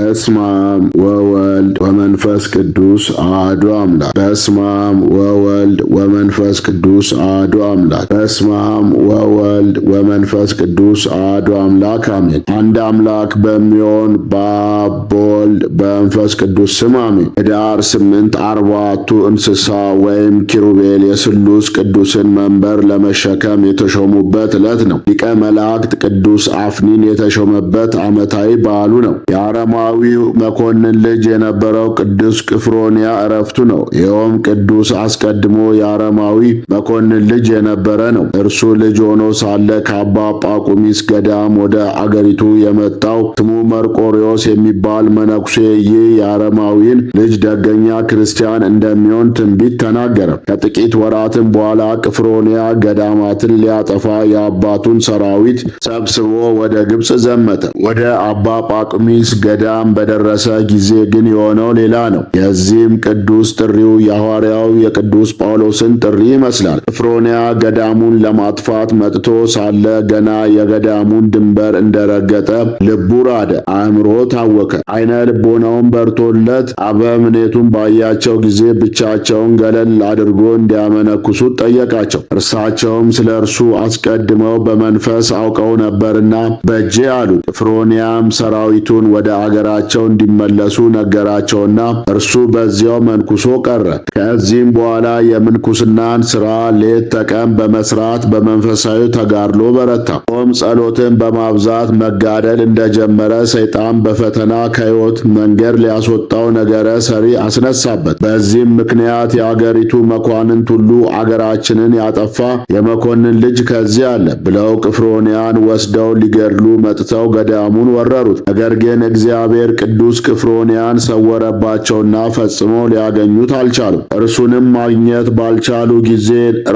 በስማም ወወልድ ወመንፈስ ቅዱስ አሐዱ አምላክ። በስማም ወወልድ ወመንፈስ ቅዱስ አሐዱ አምላክ። በስማም ወወልድ ወመንፈስ ቅዱስ አሐዱ አምላክ አሜን። አንድ አምላክ በሚሆን በአብ በወልድ በመንፈስ ቅዱስ ስም አሜን። ህዳር ስምንት አርባቱ እንስሳ ወይም ኪሩቤል የስሉስ ቅዱስን መንበር ለመሸከም የተሾሙበት ዕለት ነው። ሊቀ መላእክት ቅዱስ አፍኒን የተሾመበት ዓመታዊ በዓሉ ነው። የአረማ የሮማዊው መኮንን ልጅ የነበረው ቅዱስ ቅፍሮንያ ዕረፍቱ ነው። ይኸውም ቅዱስ አስቀድሞ የአረማዊ መኮንን ልጅ የነበረ ነው። እርሱ ልጅ ሆኖ ሳለ ከአባ ጳቁሚስ ገዳም ወደ አገሪቱ የመጣው ስሙ መርቆሪዎስ የሚባል መነኩሴ ይህ የአረማዊን ልጅ ደገኛ ክርስቲያን እንደሚሆን ትንቢት ተናገረ። ከጥቂት ወራትም በኋላ ቅፍሮንያ ገዳማትን ሊያጠፋ የአባቱን ሰራዊት ሰብስቦ ወደ ግብፅ ዘመተ። ወደ አባ ጳቁሚስ ገዳ ገዳም በደረሰ ጊዜ ግን የሆነው ሌላ ነው። የዚህም ቅዱስ ጥሪው የሐዋርያው የቅዱስ ጳውሎስን ጥሪ ይመስላል። ኤፍሮንያ ገዳሙን ለማጥፋት መጥቶ ሳለ ገና የገዳሙን ድንበር እንደረገጠ ልቡ ራደ፣ አእምሮ ታወከ፣ አይነ ልቦናውን በርቶለት አበምኔቱን ባያቸው ጊዜ ብቻቸውን ገለል አድርጎ እንዲያመነኩሱት ጠየቃቸው። እርሳቸውም ስለ እርሱ አስቀድመው በመንፈስ አውቀው ነበርና በእጄ አሉት። ኤፍሮንያም ሰራዊቱን ወደ አገ ሀገራቸው እንዲመለሱ ነገራቸውና እርሱ በዚያው መንኩሶ ቀረ። ከዚህም በኋላ የምንኩስናን ሥራ ሌት ተቀን በመስራት በመንፈሳዊ ተጋድሎ በረታ። ጾም ጸሎትን በማብዛት መጋደል እንደጀመረ ሰይጣን በፈተና ከህይወት መንገድ ሊያስወጣው ነገረ ሰሪ አስነሳበት። በዚህም ምክንያት የአገሪቱ መኳንንት ሁሉ አገራችንን ያጠፋ የመኮንን ልጅ ከዚህ አለ ብለው ቅፍሮንያን ወስደው ሊገድሉ መጥተው ገዳሙን ወረሩት። ነገር ግን እግዚአብሔር እግዚአብሔር ቅዱስ ቅፍሮንያን ሰወረባቸውና ፈጽሞ ሊያገኙት አልቻሉም። እርሱንም ማግኘት ባልቻሉ ጊዜ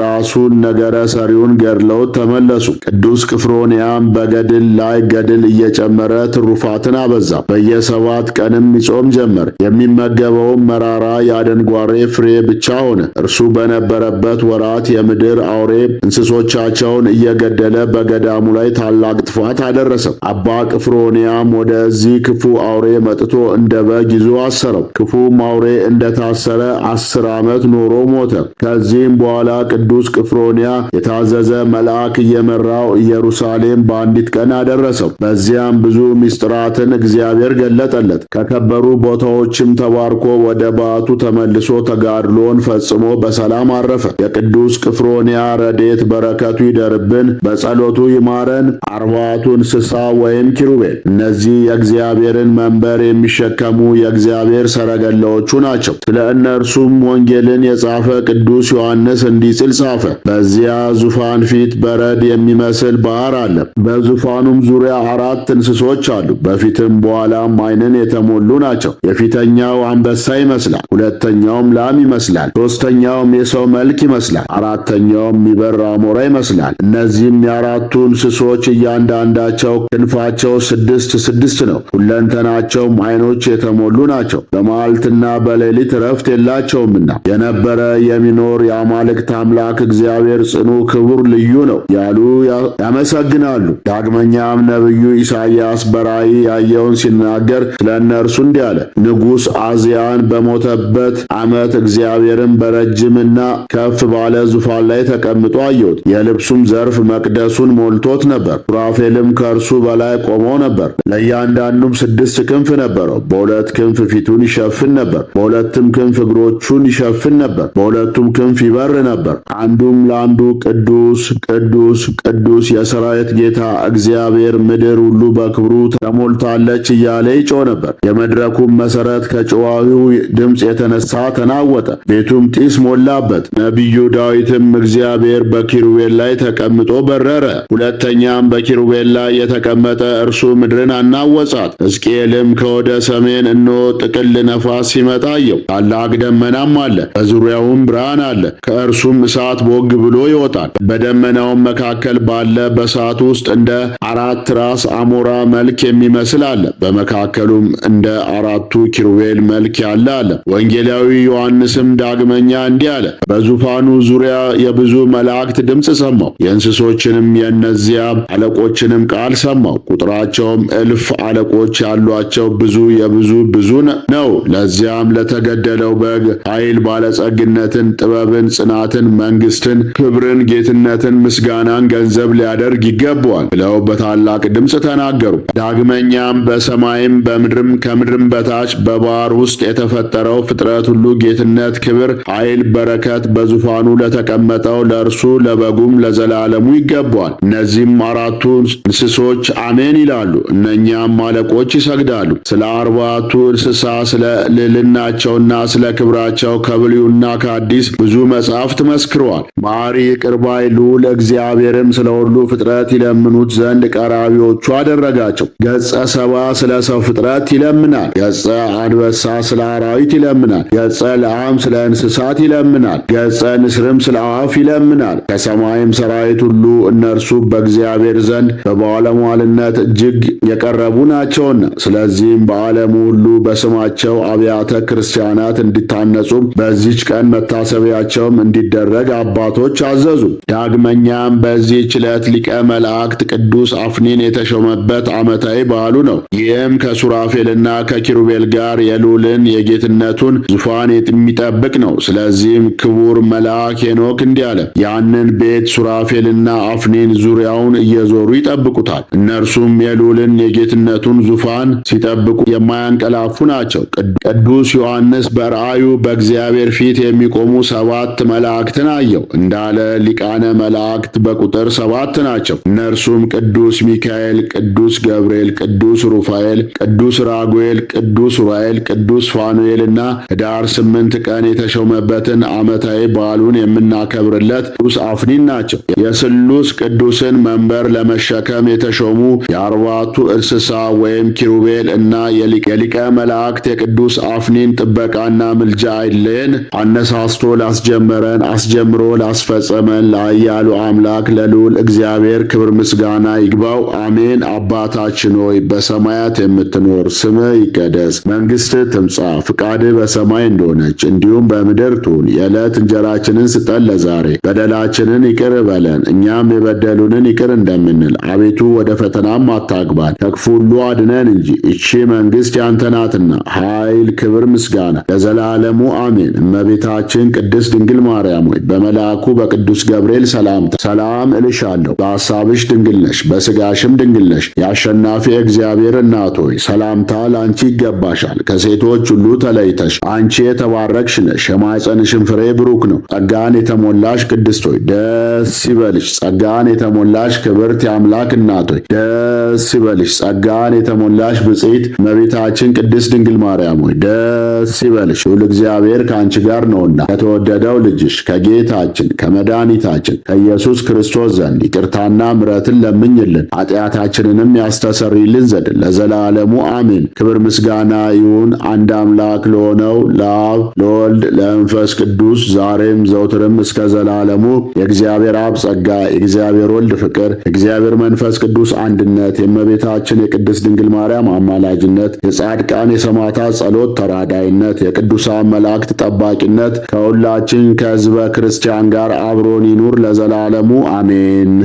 ራሱን ነገረ ሰሪውን ገድለውት ተመለሱ። ቅዱስ ቅፍሮንያን በገድል ላይ ገድል እየጨመረ ትሩፋትን አበዛ። በየሰባት ቀንም ይጾም ጀመር። የሚመገበውም መራራ የአደንጓሬ ፍሬ ብቻ ሆነ። እርሱ በነበረበት ወራት የምድር አውሬ እንስሶቻቸውን እየገደለ በገዳሙ ላይ ታላቅ ጥፋት አደረሰ። አባ ቅፍሮንያም ወደዚህ ክፉ አውሬ መጥቶ እንደ በግ ይዞ አሰረው። ክፉም አውሬ እንደታሰረ አስር ዓመት ኖሮ ሞተ። ከዚህም በኋላ ቅዱስ ቅፍሮንያ የታዘዘ መልአክ እየመራው ኢየሩሳሌም በአንዲት ቀን አደረሰው። በዚያም ብዙ ምስጢራትን እግዚአብሔር ገለጠለት። ከከበሩ ቦታዎችም ተባርኮ ወደ ባቱ ተመልሶ ተጋድሎን ፈጽሞ በሰላም አረፈ። የቅዱስ ቅፍሮንያ ረዴት በረከቱ ይደርብን፣ በጸሎቱ ይማረን። አርባቱ እንስሳ ወይም ኪሩቤል እነዚህ የእግዚአብሔርን መንበር የሚሸከሙ የእግዚአብሔር ሰረገላዎቹ ናቸው። ስለ እነርሱም ወንጌልን የጻፈ ቅዱስ ዮሐንስ እንዲህ ሲል ጻፈ። በዚያ ዙፋን ፊት በረድ የሚመስል ባህር አለ። በዙፋኑም ዙሪያ አራት እንስሶች አሉ። በፊትም በኋላም ዓይንን የተሞሉ ናቸው። የፊተኛው አንበሳ ይመስላል፣ ሁለተኛውም ላም ይመስላል፣ ሦስተኛውም የሰው መልክ ይመስላል፣ አራተኛውም የሚበር አሞራ ይመስላል። እነዚህም የአራቱ እንስሶች እያንዳንዳቸው ክንፋቸው ስድስት ስድስት ነው። ሁለንተ በቀናቸውም ዓይኖች የተሞሉ ናቸው፣ በመዓልትና በሌሊት ረፍት የላቸውምና። የነበረ የሚኖር የአማልክት አምላክ እግዚአብሔር ጽኑ ክቡር ልዩ ነው ያሉ ያመሰግናሉ። ዳግመኛም ነቢዩ ኢሳይያስ በራእይ ያየውን ሲናገር ስለ እነርሱ እንዲህ አለ። ንጉሥ አዝያን በሞተበት ዓመት እግዚአብሔርን በረጅምና ከፍ ባለ ዙፋን ላይ ተቀምጦ አየሁት። የልብሱም ዘርፍ መቅደሱን ሞልቶት ነበር። ሱራፌልም ከእርሱ በላይ ቆሞ ነበር። ለእያንዳንዱም ስድስት ስድስት ክንፍ ነበረው። በሁለት ክንፍ ፊቱን ይሸፍን ነበር፣ በሁለትም ክንፍ እግሮቹን ይሸፍን ነበር፣ በሁለቱም ክንፍ ይበር ነበር። አንዱም ለአንዱ ቅዱስ ቅዱስ ቅዱስ የሰራዊት ጌታ እግዚአብሔር ምድር ሁሉ በክብሩ ተሞልታለች እያለ ይጮ ነበር። የመድረኩም መሠረት ከጨዋዊው ድምፅ የተነሳ ተናወጠ፣ ቤቱም ጢስ ሞላበት። ነቢዩ ዳዊትም እግዚአብሔር በኪሩቤል ላይ ተቀምጦ በረረ፣ ሁለተኛም በኪሩቤል ላይ የተቀመጠ እርሱ ምድርን አናወጻት። ሕዝቅኤል ዳንኤልም ከወደ ሰሜን እኖ ጥቅል ነፋስ ሲመጣ አየው። ታላቅ ደመናም አለ፣ በዙሪያውም ብርሃን አለ። ከእርሱም እሳት ቦግ ብሎ ይወጣል። በደመናውም መካከል ባለ በእሳት ውስጥ እንደ አራት ራስ አሞራ መልክ የሚመስል አለ። በመካከሉም እንደ አራቱ ኪሩቤል መልክ ያለ አለ። ወንጌላዊ ዮሐንስም ዳግመኛ እንዲህ አለ፣ በዙፋኑ ዙሪያ የብዙ መላእክት ድምፅ ሰማው። የእንስሶችንም የእነዚያ አለቆችንም ቃል ሰማው። ቁጥራቸውም እልፍ አለቆች ያሉ ቁጥሯቸው ብዙ የብዙ ብዙ ነው። ለዚያም ለተገደለው በግ ኃይል፣ ባለጸግነትን፣ ጥበብን፣ ጽናትን፣ መንግስትን፣ ክብርን፣ ጌትነትን፣ ምስጋናን ገንዘብ ሊያደርግ ይገባዋል ብለው በታላቅ ድምፅ ተናገሩ። ዳግመኛም በሰማይም በምድርም ከምድርም በታች በባህር ውስጥ የተፈጠረው ፍጥረት ሁሉ ጌትነት፣ ክብር፣ ኃይል፣ በረከት በዙፋኑ ለተቀመጠው ለእርሱ ለበጉም ለዘላለሙ ይገባዋል። እነዚህም አራቱ እንስሶች አሜን ይላሉ። እነኛም አለቆች ይሰ ይሰግዳሉ። ስለ አርባቱ እንስሳ ስለ ልዕልናቸውና ስለ ክብራቸው ከብሉይና ከአዲስ ብዙ መጻሕፍት መስክረዋል። ማሪ ቅርባይ ሉል ልዑል እግዚአብሔርም ስለ ሁሉ ፍጥረት ይለምኑት ዘንድ ቀራቢዎቹ አደረጋቸው። ገጸ ሰባ ስለ ሰው ፍጥረት ይለምናል። ገጸ አንበሳ ስለ አራዊት ይለምናል። ገጸ ለአም ስለ እንስሳት ይለምናል። ገጸ ንስርም ስለ አዋፍ ይለምናል። ከሰማይም ሰራዊት ሁሉ እነርሱ በእግዚአብሔር ዘንድ በባለሟልነት እጅግ የቀረቡ ናቸውና ስለዚህም በዓለም ሁሉ በስማቸው አብያተ ክርስቲያናት እንዲታነጹ በዚች ቀን መታሰቢያቸውም እንዲደረግ አባቶች አዘዙ። ዳግመኛም በዚህች ዕለት ሊቀ መላእክት ቅዱስ አፍኒን የተሾመበት ዓመታዊ በዓሉ ነው። ይህም ከሱራፌልና ከኪሩቤል ጋር የልዑልን የጌትነቱን ዙፋን የሚጠብቅ ነው። ስለዚህም ክቡር መልአክ ሄኖክ እንዲህ አለ፣ ያንን ቤት ሱራፌልና አፍኒን ዙሪያውን እየዞሩ ይጠብቁታል። እነርሱም የልዑልን የጌትነቱን ዙፋን ሲጠብቁ የማያንቀላፉ ናቸው። ቅዱስ ዮሐንስ በራእዩ በእግዚአብሔር ፊት የሚቆሙ ሰባት መላእክትን አየው እንዳለ ሊቃነ መላእክት በቁጥር ሰባት ናቸው። እነርሱም ቅዱስ ሚካኤል፣ ቅዱስ ገብርኤል፣ ቅዱስ ሩፋኤል፣ ቅዱስ ራጉኤል፣ ቅዱስ ኡራኤል፣ ቅዱስ ፋኑኤል እና ህዳር ስምንት ቀን የተሾመበትን ዓመታዊ በዓሉን የምናከብርለት ቅዱስ አፍኒን ናቸው። የስሉስ ቅዱስን መንበር ለመሸከም የተሾሙ የአርባቱ እንስሳ ወይም ኪሩብ የኪሩቤል እና የሊቀ መላእክት የቅዱስ አፍኒን ጥበቃና ምልጃ አይለየን። አነሳስቶ ላስጀመረን አስጀምሮ ላስፈጸመን ለኃያሉ አምላክ ለልዑል እግዚአብሔር ክብር ምስጋና ይግባው፣ አሜን። አባታችን ሆይ በሰማያት የምትኖር ስም ይቀደስ፣ መንግስት ትምጻ፣ ፍቃድ በሰማይ እንደሆነች እንዲሁም በምድር ትሁን። የዕለት እንጀራችንን ስጠን ለዛሬ፣ በደላችንን ይቅር በለን እኛም የበደሉንን ይቅር እንደምንል፣ አቤቱ ወደ ፈተናም አታግባን ከክፉ ሁሉ አድነን እንጂ እቺ መንግሥት ያንተ ናትና ኃይል፣ ክብር፣ ምስጋና ለዘላለሙ አሜን። እመቤታችን ቅድስት ድንግል ማርያም ሆይ በመልአኩ በቅዱስ ገብርኤል ሰላምታ ሰላም እልሻለሁ። በሐሳብሽ ድንግል ነሽ፣ በስጋሽም ድንግል ነሽ። የአሸናፊ እግዚአብሔር እናት ሆይ ሰላምታ ለአንቺ ይገባሻል። ከሴቶች ሁሉ ተለይተሽ አንቺ የተባረክሽ ነሽ፣ የማኅፀንሽን ፍሬ ብሩክ ነው። ጸጋን የተሞላሽ ቅድስት ሆይ ደስ ይበልሽ። ጸጋን የተሞላሽ ክብርት የአምላክ እናት ሆይ ደስ ይበልሽ። ጸጋን የተሞላሽ ብጽዕት እመቤታችን ቅድስት ድንግል ማርያም ሆይ ደስ ይበልሽ፣ ሁሉ እግዚአብሔር ከአንቺ ጋር ነውና ከተወደደው ልጅሽ ከጌታችን ከመድኃኒታችን ከኢየሱስ ክርስቶስ ዘንድ ይቅርታና ምረትን ለምኝልን ኃጢአታችንንም ያስተሰርይልን ዘንድ ለዘላለሙ አሜን። ክብር ምስጋና ይሁን አንድ አምላክ ለሆነው ለአብ ለወልድ ለመንፈስ ቅዱስ ዛሬም ዘውትርም እስከ ዘላለሙ የእግዚአብሔር አብ ጸጋ የእግዚአብሔር ወልድ ፍቅር የእግዚአብሔር መንፈስ ቅዱስ አንድነት የእመቤታችን የቅድስት ድንግል ማርያም አማላጅነት፣ የጻድቃን የሰማዕታት ጸሎት ተራዳይነት፣ የቅዱሳን መላእክት ጠባቂነት ከሁላችን ከሕዝበ ክርስቲያን ጋር አብሮን ይኑር ለዘላለሙ አሜን።